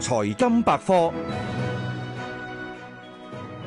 財金百科，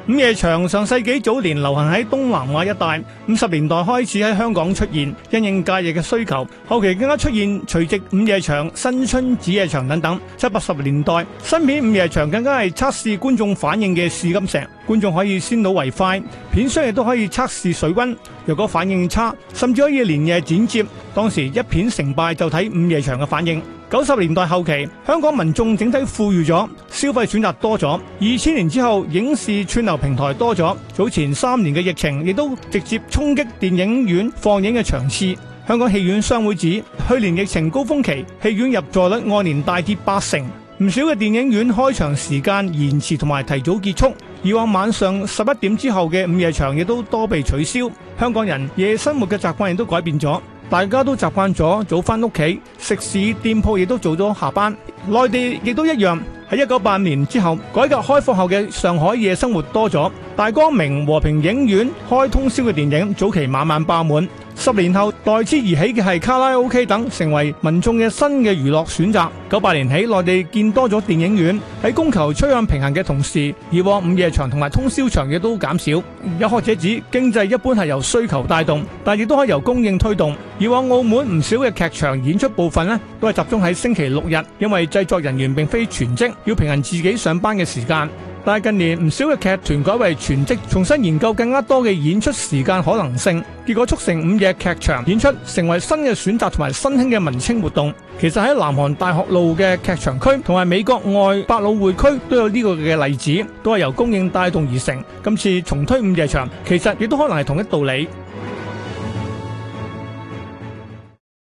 午夜場上世紀早年流行喺東南亞一帶，五十年代開始喺香港出現，因應假日嘅需求，後期更加出現除夕午夜場、新春子夜場等等。七八十年代新片午夜場更加係測試觀眾反應嘅試金石。觀眾可以先睹為快，片商亦都可以測試水溫。若果反應差，甚至可以連夜剪接。當時一片成敗就睇午夜場嘅反應。九十年代後期，香港民眾整體富裕咗，消費選擇多咗。二千年之後，影視串流平台多咗。早前三年嘅疫情亦都直接衝擊電影院放映嘅場次。香港戲院商會指，去年疫情高峰期，戲院入座率按年大跌八成。唔少嘅電影院開場時間延遲同埋提早結束，以往晚上十一點之後嘅午夜場亦都多被取消。香港人夜生活嘅習慣亦都改變咗，大家都習慣咗早返屋企，食肆店鋪亦都早咗下班。內地亦都一樣，喺一九八年之後改革開放後嘅上海夜生活多咗，大光明和平影院開通宵嘅電影，早期晚晚爆滿。十年後，代之而起嘅係卡拉 OK 等，成為民眾嘅新嘅娛樂選擇。九八年起，內地建見多咗電影院，喺供求趨向平衡嘅同時，以往午夜場同埋通宵場亦都減少。有學者指，經濟一般係由需求帶動，但亦都可以由供應推動。以往澳門唔少嘅劇場演出部分咧，都係集中喺星期六日，因為製作人員並非全職，要平衡自己上班嘅時間。但係近年唔少嘅劇團改為全職，重新研究更加多嘅演出時間可能性，結果促成午夜劇場演出成為新嘅選擇同埋新興嘅文青活動。其實喺南韓大學路嘅劇場區同埋美國外百老匯區都有呢個嘅例子，都係由供應帶動而成。今次重推午夜場，其實亦都可能係同一道理。